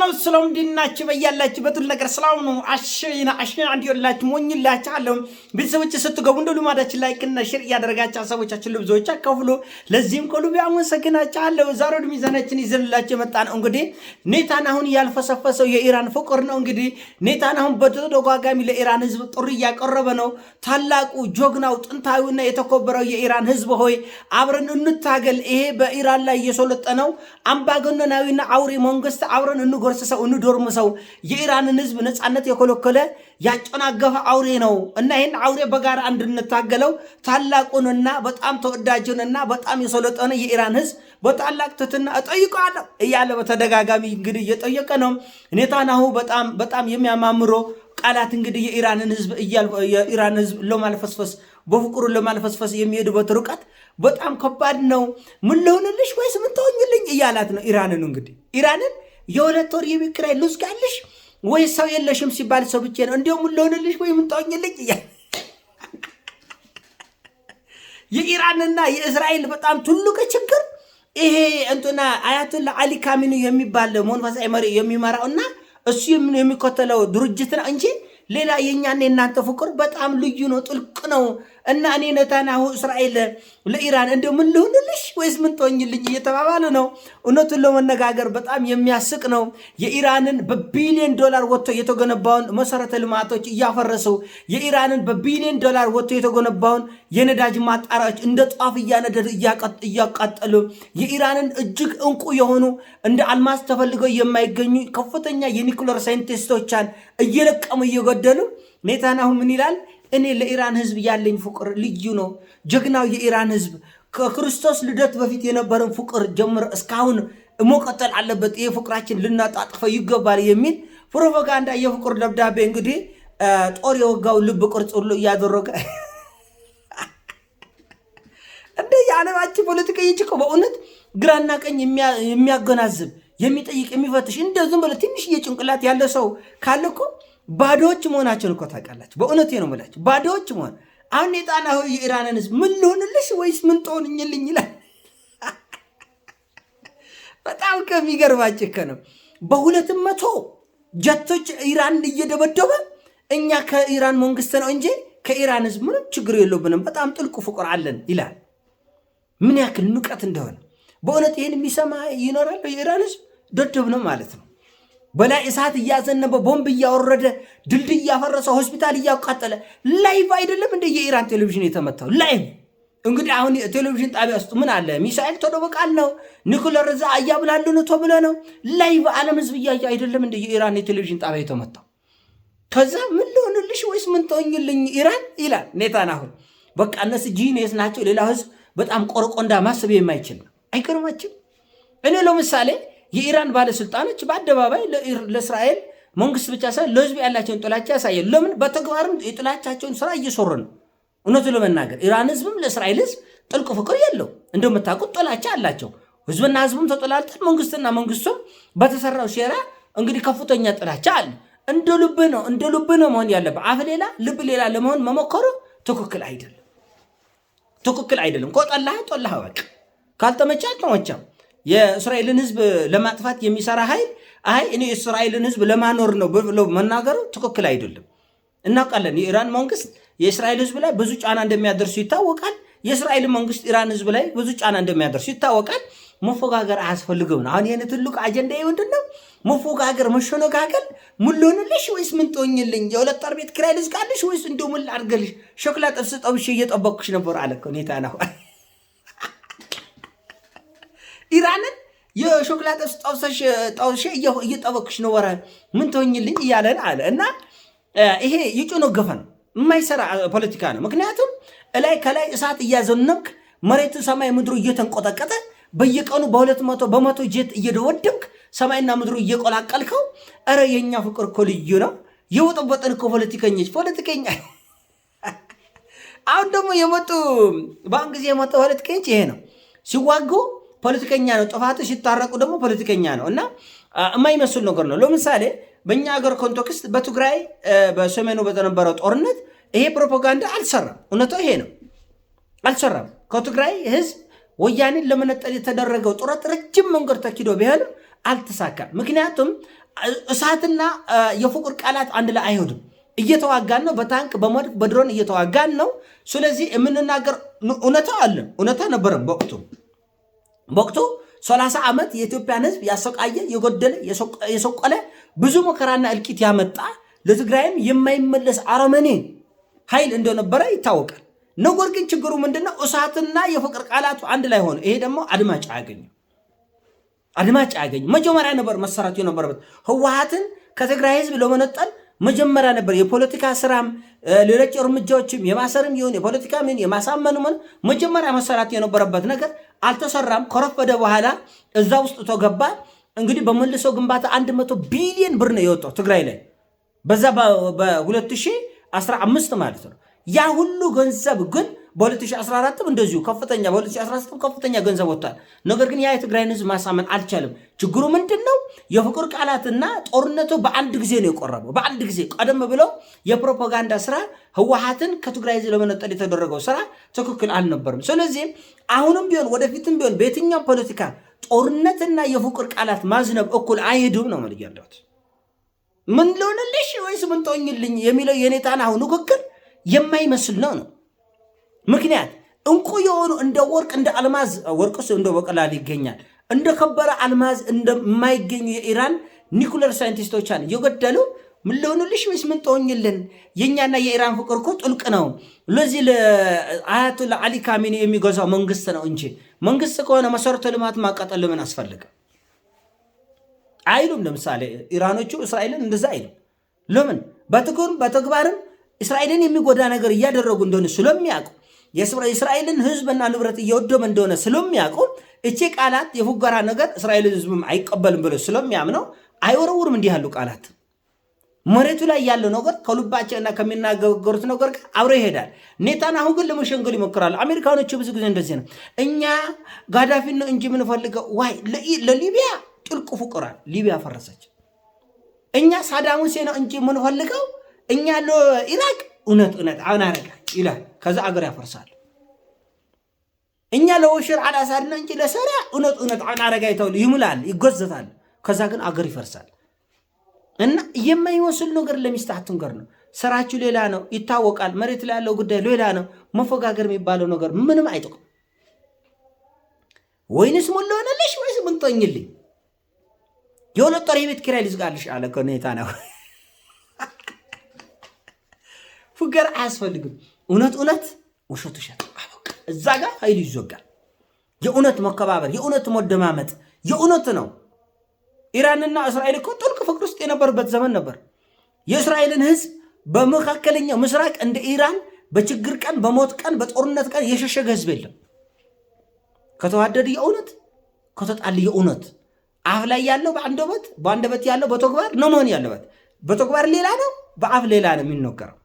ሰላም፣ ስለም ዲናችሁ በያላችሁ በቱል ነገር ሰላም ነው። አሸይና አሸይና እንዲላችሁ ሞኝላችኋለሁ። ቤተሰቦች ስትገቡ እንደ ልማዳችን ላይክ እና ሼር እያደረጋችሁ ሀሳቦቻችን ልብዞች አካፍሎ ለዚህም ከልብ አመሰግናችኋለሁ። ዛሬ ወደ ሚዛናችን ይዘንላችሁ ነው እንግዲህ ኔታንያሁን ያልፈሰፈሰው የኢራን ፍቅር ነው። እንግዲህ ኔታንያሁን በተደጋጋሚ ለኢራን ህዝብ ጥሪ እያቀረበ ነው። ታላቁ ጆግናው፣ ጥንታዊና የተከበረው የኢራን ህዝብ ሆይ አብረን እንታገል። ይሄ በኢራን ላይ የሰለጠነው አምባገነናዊና አውሬ መንግስት አብረን እንጎ የሚጎርስ ሰው እንዶርም ሰው የኢራንን ህዝብ ነፃነት የኮለኮለ ያጨናገፈ አውሬ ነው እና ይህን አውሬ በጋራ እንድንታገለው ታላቁንና በጣም ተወዳጅንና በጣም የሰለጠነ የኢራን ህዝብ በታላቅ ትትና እጠይቀዋለሁ እያለ በተደጋጋሚ እንግዲህ እየጠየቀ ነው። ኔታናሁ በጣም በጣም የሚያማምሮ ቃላት እንግዲህ የኢራንን ህዝብ የኢራን ህዝብ ለማልፈስፈስ በፍቅሩ ለማልፈስፈስ የሚሄድበት ርቀት በጣም ከባድ ነው። ምን ልሆንልሽ ወይስ ምን ተሆኝልኝ እያላት ነው ኢራንን እንግዲህ ኢራንን የሁለት ወር የቤት ኪራይ ልውስጋልሽ ወይ ሰው የለሽም ሲባል ሰው ብቻ ነው እንዲሁም ለሆንልሽ ወይ ምን እያ የኢራንና የእስራኤል በጣም ትልቅ ችግር ይሄ እንትና አያቶላ አሊ ካሚኒ የሚባል መሆን መሪ የሚመራው እና እሱ የሚከተለው ድርጅት ነው እንጂ ሌላ የእኛና የእናንተ ፍቅር በጣም ልዩ ነው፣ ጥልቅ ነው እና እኔ ነታንያሁ እስራኤል ለኢራን እንደ ምን ልሁንልሽ ወይስ ምን ትሆኝልኝ እየተባባለ ነው። እውነቱን ለመነጋገር በጣም የሚያስቅ ነው። የኢራንን በቢሊዮን ዶላር ወጥቶ የተገነባውን መሰረተ ልማቶች እያፈረሱ የኢራንን በቢሊዮን ዶላር ወጥቶ የተገነባውን የነዳጅ ማጣሪያዎች እንደ ጧፍ እያነደዱ እያቃጠሉ የኢራንን እጅግ እንቁ የሆኑ እንደ አልማስ ተፈልገው የማይገኙ ከፍተኛ የኒኩለር ሳይንቲስቶቻን እየለቀሙ እየገ አልገደሉም። ኔታንያሁ ምን ይላል? እኔ ለኢራን ህዝብ ያለኝ ፍቅር ልዩ ነው። ጀግናው የኢራን ህዝብ ከክርስቶስ ልደት በፊት የነበረን ፍቅር ጀምር እስካሁን መቀጠል አለበት። ይሄ ፍቅራችን ልናጣጥፈ ይገባል የሚል ፕሮፓጋንዳ የፍቅር ደብዳቤ እንግዲህ ጦር የወጋው ልብ ቅርጽ ሁሉ እያደረገ እንደ የዓለማችን ፖለቲካ ይጭቆ በእውነት ግራና ቀኝ የሚያገናዝብ የሚጠይቅ የሚፈትሽ እንደ ዝም ትንሽ የጭንቅላት ያለ ሰው ካለ እኮ ባዶዎች መሆናቸውን እኮ ታውቃላችሁ። በእውነቴ ነው የምላችሁ ባዶዎች መሆን አሁን የጣና የኢራንን ህዝብ ምን ልሆንልሽ ወይስ ምን ትሆንኝልኝ ይላል። በጣም ከሚገርማችሁ እኮ ነው በሁለት መቶ ጀቶች ኢራን እየደበደበ እኛ ከኢራን መንግስት ነው እንጂ ከኢራን ህዝብ ምንም ችግር የለብንም፣ በጣም ጥልቁ ፍቅር አለን ይላል። ምን ያክል ንቀት እንደሆነ በእውነት ይህን የሚሰማ ይኖራል የኢራን ህዝብ ደደብ ነው ማለት ነው። በላይ እሳት እያዘነበ ቦምብ እያወረደ ድልድይ እያፈረሰ ሆስፒታል እያቃጠለ ላይቭ አይደለም እንደ የኢራን ቴሌቪዥን የተመታው ላይቭ። እንግዲህ አሁን ቴሌቪዥን ጣቢያ ውስጥ ምን አለ? ሚሳኤል ቶሎ በቃል ነው ኒኩለር እዛ እያብላሉ ተብለ ነው ላይቭ አለም ህዝብ እያየ አይደለም እንደ የኢራን የቴሌቪዥን ጣቢያ የተመታው። ከዛ ምን ልሆንልሽ ወይስ ምን ተወኝልኝ ኢራን ይላል ኔታንያሁ። በቃ እነሱ ጂኒየስ ናቸው። ሌላ ህዝብ በጣም ቆረቆንዳ ማሰብ የማይችል ነው። አይገርማችም? እኔ ለምሳሌ የኢራን ባለስልጣኖች በአደባባይ ለእስራኤል መንግስት ብቻ ሳይሆን ለህዝብ ያላቸውን ጥላቻ ያሳያሉ ለምን? በተግባርም የጥላቻቸውን ስራ እየሰሩ ነው። እውነቱ ለመናገር ኢራን ህዝብም ለእስራኤል ህዝብ ጥልቅ ፍቅር የለው። እንደምታውቁት ጥላቻ አላቸው። ህዝብና ህዝብም ተጠላልጠን፣ መንግስትና መንግስቱም በተሰራው ሴራ እንግዲህ ከፍተኛ ጥላቻ አለ። እንደ ልብ ነው እንደ ልብ ነው መሆን ያለበት። አፍ ሌላ ልብ ሌላ ለመሆን መሞከሩ ትክክል አይደለም። ትክክል አይደለም። ከጠላህ ጠላህ በቃ ካልተመቻ ተመቻ የእስራኤልን ህዝብ ለማጥፋት የሚሰራ ኃይል አይ እኔ እስራኤልን ህዝብ ለማኖር ነው ብሎ መናገሩ ትክክል አይደለም። እናውቃለን የኢራን መንግስት የእስራኤል ህዝብ ላይ ብዙ ጫና እንደሚያደርሱ ይታወቃል። የእስራኤል መንግስት ኢራን ህዝብ ላይ ብዙ ጫና እንደሚያደርሱ ይታወቃል። መፎጋገር አያስፈልግም ነው። አሁን ይህን ትልቁ አጀንዳ ምንድን ነው? መፎጋገር፣ መሸነጋገል ምን ወይስ ምን ትሆኝልኝ? የሁለት ወር ቤት ኪራይ ልዝጋልሽ ወይስ እንዲሁ ምን ላድርግልሽ? ሸክላ ጥብስ ጠብሽ እየጠበኩሽ ነበር አለ እኮ ነው ኢራንን የሾክላ ጥብስ ጠውሼ እየጠበኩሽ ነው፣ ኧረ ምን ትሆኝልኝ እያለን አለ እና ይሄ የጮኖ ነው፣ የማይሰራ ፖለቲካ ነው። ምክንያቱም እላይ ከላይ እሳት እያዘነብክ መሬቱ ሰማይ ምድሩ እየተንቆጠቀጠ በየቀኑ በሁለት መቶ በመቶ ጄት እየደወደብክ ሰማይና ምድሩ እየቆላቀልከው፣ ኧረ የእኛ ፍቅር እኮ ልዩ ነው። የወጠበጠን እኮ ፖለቲከኞች ፖለቲከኛ አሁን ደግሞ የመጡ በአሁን ጊዜ የመጡ ፖለቲከኞች ይሄ ነው ሲዋጉ ፖለቲከኛ ነው። ጥፋት ሲታረቁ ደግሞ ፖለቲከኛ ነው እና የማይመስል ነገር ነው። ለምሳሌ በእኛ ሀገር ኮንቴክስት በትግራይ በሰሜኑ በተነበረው ጦርነት ይሄ ፕሮፓጋንዳ አልሰራም። እውነቱ ይሄ ነው፣ አልሰራም። ከትግራይ ህዝብ ወያኔን ለመነጠል የተደረገው ጥረት ረጅም መንገድ ተኪዶ ቢሆንም አልተሳካም። ምክንያቱም እሳትና የፍቅር ቃላት አንድ ላይ አይሄዱም። እየተዋጋን ነው። በታንክ በመድፍ በድሮን እየተዋጋን ነው። ስለዚህ የምንናገር እውነታ አለን፣ እውነታ ነበረም በወቅቱ በወቅቱ ሰላሳ ዓመት የኢትዮጵያን ህዝብ ያሰቃየ የጎደለ የሰቆለ ብዙ መከራና እልቂት ያመጣ ለትግራይም የማይመለስ አረመኔ ኃይል እንደነበረ ይታወቃል። ነገር ግን ችግሩ ምንድነው? እሳትና የፍቅር ቃላቱ አንድ ላይ ሆነ። ይሄ ደግሞ አድማጭ አያገኙ አድማጭ አያገኝ መጀመሪያ ነበር መሰራቱ የነበረበት ህወሀትን ከትግራይ ህዝብ ለመነጠል መጀመሪያ ነበር የፖለቲካ ስራም ሌሎች እርምጃዎችም የማሰርም ይሁን የፖለቲካ ምን የማሳመኑ መጀመሪያ መሰራት የነበረበት ነገር አልተሰራም። ከረፈደ በኋላ እዛ ውስጥ ተገባ። እንግዲህ በመልሶ ግንባታ 100 ቢሊዮን ብር ነው የወጣው ትግራይ ላይ በዛ በ2015 ማለት ነው። ያ ሁሉ ገንዘብ ግን በ2014 እንደዚሁ ከፍተኛ በ2016 ከፍተኛ ገንዘብ ወጥቷል። ነገር ግን ያ የትግራይን ህዝብ ማሳመን አልቻለም። ችግሩ ምንድን ነው? የፍቅር ቃላትና ጦርነቱ በአንድ ጊዜ ነው የቆረበው። በአንድ ጊዜ ቀደም ብለው የፕሮፓጋንዳ ስራ ህወሓትን ከትግራይ ህዝብ ለመነጠል የተደረገው ስራ ትክክል አልነበርም። ስለዚህ አሁንም ቢሆን ወደፊትም ቢሆን በየትኛው ፖለቲካ ጦርነትና የፍቅር ቃላት ማዝነብ እኩል አይሄዱም ነው መልክ ያለሁት። ምን ልሆንልሽ ወይስ ምን ትሆኝልኝ የሚለው የኔታን አሁን ንግግር የማይመስል ነው ነው ምክንያት እንቁ የሆኑ እንደ ወርቅ እንደ አልማዝ ወርቅስ እንደ በቀላል ይገኛል እንደ ከበረ አልማዝ እንደማይገኙ የኢራን ኒኩለር ሳይንቲስቶች አለ የገደሉ ምን ልሆኑልሽ ወይስ ምን ትሆኝልን? የእኛና የኢራን ፍቅር እኮ ጥልቅ ነው። ለዚህ ለአያቱ ለአሊ ካሚኒ የሚገዛው መንግስት ነው እንጂ መንግስት ከሆነ መሰረተ ልማት ማቃጠል ለምን አስፈልገ አይሉም። ለምሳሌ ኢራኖቹ እስራኤልን እንደዛ አይሉም። ለምን በትግርም በተግባርም እስራኤልን የሚጎዳ ነገር እያደረጉ እንደሆነ ስለሚያውቁ የእስራኤልን ህዝብና ንብረት እየወደመ እንደሆነ ስለሚያውቁ እቺ ቃላት የፉገራ ነገር እስራኤልን ህዝብም አይቀበልም ብሎ ስለሚያምነው አይወረውርም እንዲህ ያሉ ቃላት መሬቱ ላይ ያለው ነገር ከልባቸውና ከሚናገሩት ነገር ጋር አብሮ ይሄዳል። ኔታንያሁ ግን ለመሸንገል ይሞክራሉ። አሜሪካኖቹ ብዙ ጊዜ እንደዚህ ነው። እኛ ጋዳፊን ነው እንጂ የምንፈልገው ዋይ ለሊቢያ ጥልቅ ፉቅራል ሊቢያ ፈረሰች። እኛ ሳዳም ሁሴን ነው እንጂ የምንፈልገው እኛ ለኢራቅ እውነት እውነት አናረጋ ይላል። ከዛ አገር ያፈርሳል። እኛ ለወሸር አላሳድና እንጂ ለሰሪያ እውነት እውነት አናረጋይተው ይምላል፣ ይጎዘታል። ከዛ ግን አገር ይፈርሳል። እና የማይወስል ነገር ለሚስታቱን ገር ነው። ስራችሁ ሌላ ነው ይታወቃል። መሬት ላይ ያለው ጉዳይ ሌላ ነው። መፎጋገር የሚባለው ነገር ምንም አይጠቅም። ወይንስ ሞላ ሆነልሽ ወይስ ምን ጦኝልኝ የሁለት ወር የቤት ኪራይ ልዝጋልሽ አለ እኮ ነው። ፉገራ አያስፈልግም። እውነት እውነት፣ ውሸት ውሸት። እዛ ጋር ኃይሉ ይዞጋል። የእውነት መከባበር፣ የእውነት መደማመጥ፣ የእውነት ነው። ኢራንና እስራኤል እኮ ጥልቅ ፍቅር ውስጥ የነበሩበት ዘመን ነበር። የእስራኤልን ህዝብ በመካከለኛው ምስራቅ እንደ ኢራን በችግር ቀን፣ በሞት ቀን፣ በጦርነት ቀን የሸሸገ ህዝብ የለም። ከተዋደድ የእውነት ከተጣል የእውነት አፍ ላይ ያለው በአንደበት በአንደበት ያለው በተግባር ነው መሆን ያለበት። በተግባር ሌላ ነው፣ በአፍ ሌላ ነው የሚነገረው።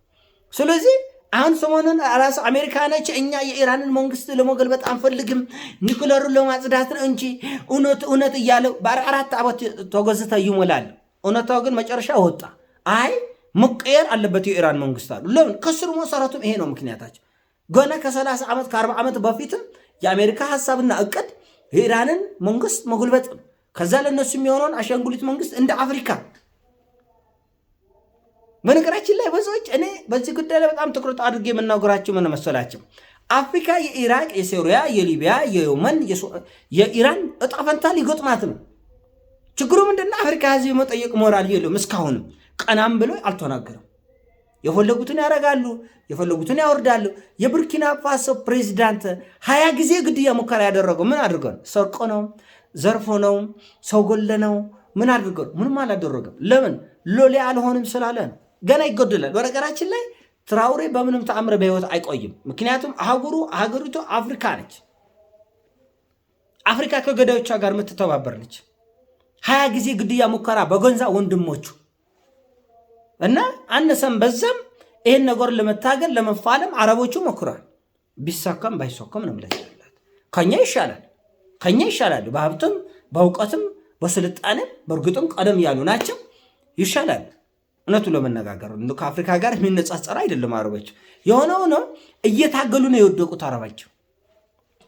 ስለዚህ አሁን ሰሞኑን ራሱ ነች እኛ የኢራንን መንግስት ለመገልበጥ አንፈልግም ኒኩለሩን ለማጽዳት ነው እንጂ እውነት እውነት እያለ በአራት ዓመት ተጎዝተው ይሞላል። እውነታው ግን መጨረሻ ወጣ። አይ መቀየር አለበት የኢራን መንግስት አሉ። ለምን ከስሩ መሰረቱም ይሄ ነው ምክንያታቸው። ገና ከ30 ዓመት ከ40 ዓመት በፊትም የአሜሪካ ሀሳብና እቅድ የኢራንን መንግስት መጉልበጥ ነው። ከዛ ለእነሱ የሚሆነውን አሻንጉሊት መንግስት እንደ አፍሪካ በነገራችን ላይ ብዙዎች እኔ በዚህ ጉዳይ ላይ በጣም ትኩረት አድርጌ የምናገራቸው ምን መሰላቸው? አፍሪካ የኢራቅ፣ የሶሪያ፣ የሊቢያ፣ የየመን፣ የኢራን እጣ ፈንታ ሊገጥማት ነው። ችግሩ ምንድነው? አፍሪካ ህዝብ መጠየቅ ሞራል የለውም። እስካሁንም ቀናም ብሎ አልተናገርም። የፈለጉትን ያደርጋሉ፣ የፈለጉትን ያወርዳሉ። የቡርኪና ፋሶ ፕሬዚዳንት ሀያ ጊዜ ግድያ ሙከራ ያደረገው ምን አድርገ ነው? ሰርቆ ነው? ዘርፎ ነው? ሰው ገሎ ነው? ምን አድርገ ምንም አላደረገም። ለምን ሎሌ አልሆንም ስላለ ነው። ገና ይጎድላል። በነገራችን ላይ ትራውሬ በምንም ተአምር በህይወት አይቆይም። ምክንያቱም አህጉሩ ሀገሪቱ አፍሪካ ነች። አፍሪካ ከገዳዮቿ ጋር የምትተባበር ነች። ሀያ ጊዜ ግድያ ሙከራ በጎንዛ ወንድሞቹ እና አነሰም በዛም ይህን ነገር ለመታገል ለመፋለም አረቦቹ ሞክሯል። ቢሳካም ባይሳካም ነው ምለት ከኛ ይሻላል ከኛ ይሻላሉ። በሀብትም በእውቀትም በስልጣንም በእርግጥም ቀደም ያሉ ናቸው ይሻላል። እውነቱ ለመነጋገር ከአፍሪካ ጋር የሚነጻጸር አይደለም። አረቦች የሆነ ሆኖ እየታገሉ ነው የወደቁት አረባቸው።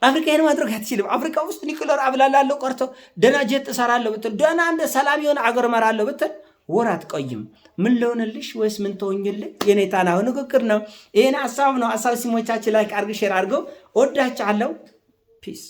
አፍሪካ ይህን ማድረግ አትችልም። አፍሪካ ውስጥ ኒክለር አብላላለው ቀርቶ ደና ጀት እሰራለሁ ብትል ደና እንደ ሰላም የሆነ አገር መራለሁ ብትል ወር አትቆይም። ምን ለሆንልሽ ወይስ ምን ተወኝልህ? የኔታ ናሁ ንግግር ነው። ይህን ሀሳብ ነው። ሀሳብ ሲሞቻችን ላይ አርግ ሼር አድርገው ወዳች አለው ፒስ